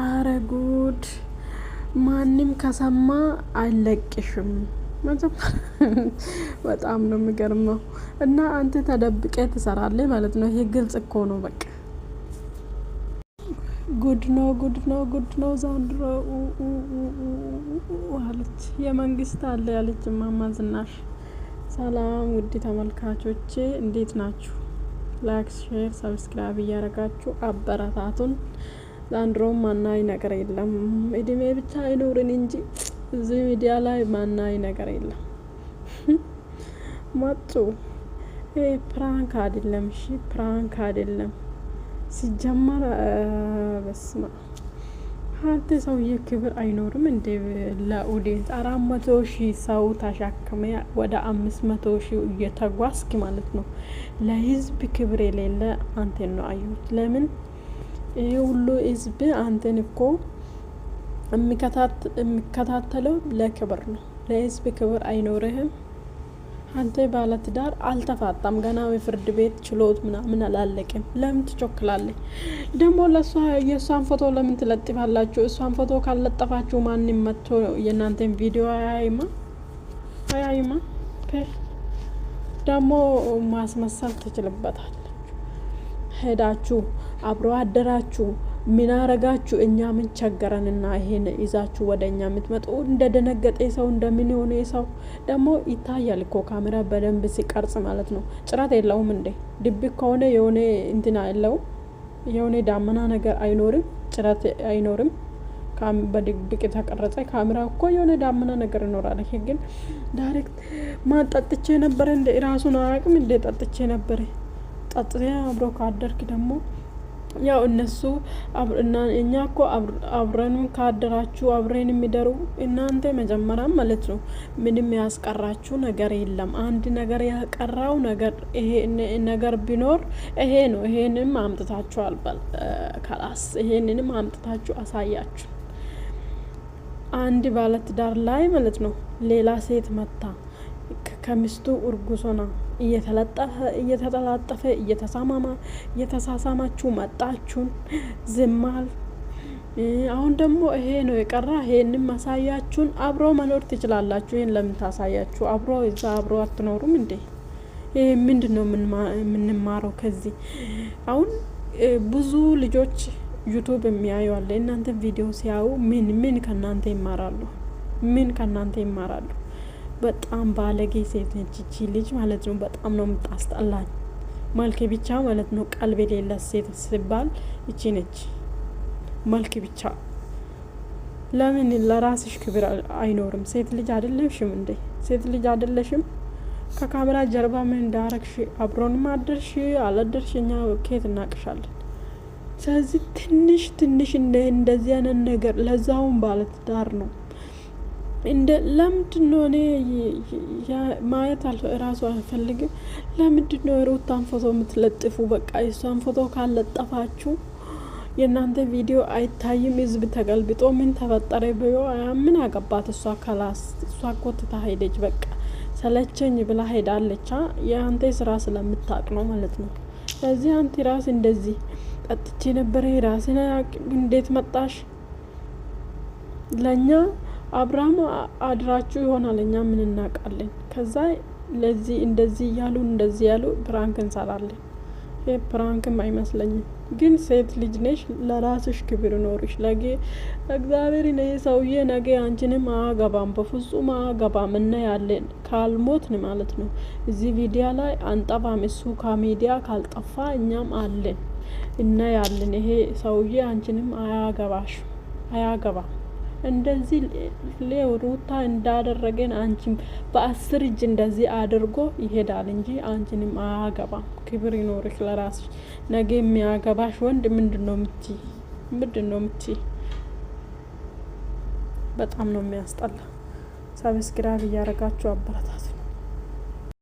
አረ ጉድ! ማንም ከሰማ አይለቅሽም። በጣም ነው የሚገርመው። እና አንተ ተደብቀ ትሰራለህ ማለት ነው። ይሄ ግልጽ እኮ ነው። በቃ ጉድ ነው፣ ጉድ ነው፣ ጉድ ነው ዛንድሮ አለች። የመንግስት አለ ያለች እማማ ዝናሽ። ሰላም ውድ ተመልካቾቼ እንዴት ናችሁ? ላይክ፣ ሼር፣ ሰብስክራይብ እያደረጋችሁ አበረታቱን። ዛንድሮም ማናይ ነገር የለም። እድሜ ብቻ አይኖርን እንጂ እዚህ ሚዲያ ላይ ማናይ ነገር የለም። መጡ። ይሄ ፕራንክ አይደለም፣ እሺ ፕራንክ አይደለም። ሲጀመር በስማ አንተ ሰውዬ ክብር አይኖርም እንዴ? ለኦዲየንስ አራት መቶ ሺ ሰው ተሸክመ ወደ አምስት መቶ ሺህ እየተጓዝክ ማለት ነው። ለህዝብ ክብር የሌለ አንተ ነው አዩት ለምን ይህ ሁሉ ህዝብ አንተን እኮ የሚከታተለው ለክብር ነው። ለህዝብ ክብር አይኖርህም። አንተ ባለትዳር አልተፋጣም፣ ገና የፍርድ ቤት ችሎት ምናምን አላለቅም። ለምን ትቾክላለች ደግሞ? የእሷን ፎቶ ለምን ትለጥፋላችሁ? እሷን ፎቶ ካልለጠፋችሁ ማንም መጥቶ የእናንተን ቪዲዮ አያይማ አያይማ ደግሞ ማስመሰል ትችልበታል። ሄዳችሁ አብሮ አደራችሁ ምን አረጋችሁ? እኛ ምን ቸገረንና ይሄን ይዛችሁ ወደ እኛ የምትመጡ? እንደደነገጠ ሰው እንደምን የሆነ ሰው ደግሞ ይታያል እኮ ካሜራ በደንብ ሲቀርጽ ማለት ነው። ጭረት የለውም እንዴ? ድብቅ ከሆነ የሆነ እንትና የለውም የሆነ ዳመና ነገር አይኖርም፣ ጭረት አይኖርም። በድብቅ የተቀረጸ ካሜራ እኮ የሆነ ዳመና ነገር ይኖራል። ይሄ ግን ዳይሬክት ማን ጠጥቼ ነበረ እንደ ራሱን አያውቅም እንደ ጠጥቼ ነበረ ጠጥተ አብሮ ካደርክ ደግሞ ያው እነሱ እኛ እኮ አብረን ካደራችሁ አብረን የሚደሩ እናንተ መጀመሪያም ማለት ነው። ምንም ያስቀራችሁ ነገር የለም። አንድ ነገር ያቀራው ነገር ቢኖር ይሄ ነው። ይሄንም አምጥታችሁ አልበል ከላስ ይሄንንም አምጥታችሁ አሳያችሁ። አንድ ባለትዳር ላይ ማለት ነው ሌላ ሴት መታ ከሚስቱ እርጉዝ ሆና እየተጠላጠፈ እየተሳማማ እየተሳሳማችሁ መጣችሁን ዝማል። አሁን ደግሞ ይሄ ነው የቀራ። ይሄንም ማሳያችሁን አብሮ መኖር ትችላላችሁ። ይህን ለምን ታሳያችሁ? አብሮ እዛ አብሮ አትኖሩም እንዴ? ይሄ ምንድን ነው የምንማረው ከዚህ? አሁን ብዙ ልጆች ዩቱብ የሚያዩ አለ። እናንተ ቪዲዮ ሲያዩ ምን ምን ከእናንተ ይማራሉ? ምን ከእናንተ ይማራሉ? በጣም ባለጌ ሴት ነች ይቺ ልጅ ማለት ነው። በጣም ነው የምታስጠላኝ። መልክ ብቻ ማለት ነው ቀልብ የሌላት ሴት ሲባል ይቺ ነች። መልክ ብቻ ለምን ለራስሽ ክብር አይኖርም? ሴት ልጅ አይደለሽም እንዴ? ሴት ልጅ አይደለሽም? ከካሜራ ጀርባ ምን እንዳረግሽ አብሮንም አደርሽ አለደርሽ እኛ ኬት እናቅሻለን። ስለዚህ ትንሽ ትንሽ እንደዚህ አይነት ነገር ባለት ባለትዳር ነው እንደ ለምንድን ነው እኔ ማየት እራሱ አልፈልግም። ለምንድነው ነው ፎቶ የምትለጥፉ? በቃ የሷን ፎቶ ካለጠፋችሁ የእናንተ ቪዲዮ አይታይም። ህዝብ ተገልብጦ ምን ተፈጠረ ብሎ ምን አገባት እሷ? ከላስ እሷ ኮትታ ሄደች። በቃ ሰለቸኝ ብላ ሄዳለቻ። የአንተ ስራ ስለምታቅ ነው ማለት ነው። ስለዚህ አንቲ ራስ እንደዚህ ጠጥቼ ነበረ ራስ እንዴት መጣሽ ለእኛ አብርሃም አድራችሁ ይሆናል እኛ ምን እናውቃለን? ከዛ ለዚህ እንደዚህ እያሉ እንደዚህ ያሉ ፕራንክ እንሰራለን። ይህ ፕራንክም አይመስለኝም። ግን ሴት ልጅ ነሽ፣ ለራስሽ ክብር ኖርሽ። ነገ እግዚአብሔር ነ ሰውዬ ነገ አንቺንም አገባም በፍጹም አገባም እና ያለን ካልሞትን ማለት ነው እዚህ ቪዲያ ላይ አንጠፋም። እሱ ከሚዲያ ካልጠፋ እኛም አለን እና ያለን ይሄ ሰውዬ አንቺንም አያገባሽ፣ አያገባም እንደዚህ ሩታ እንዳደረገን አንቺም በአስር እጅ እንደዚህ አድርጎ ይሄዳል እንጂ አንቺንም አያገባም። ክብር ይኖርሽ ለራስሽ። ነገ የሚያገባሽ ወንድ ምንድን ነው ምቺ ምንድን ነው ምቺ? በጣም ነው የሚያስጠላ። ሰብስክራይብ እያደረጋችሁ አበረታት።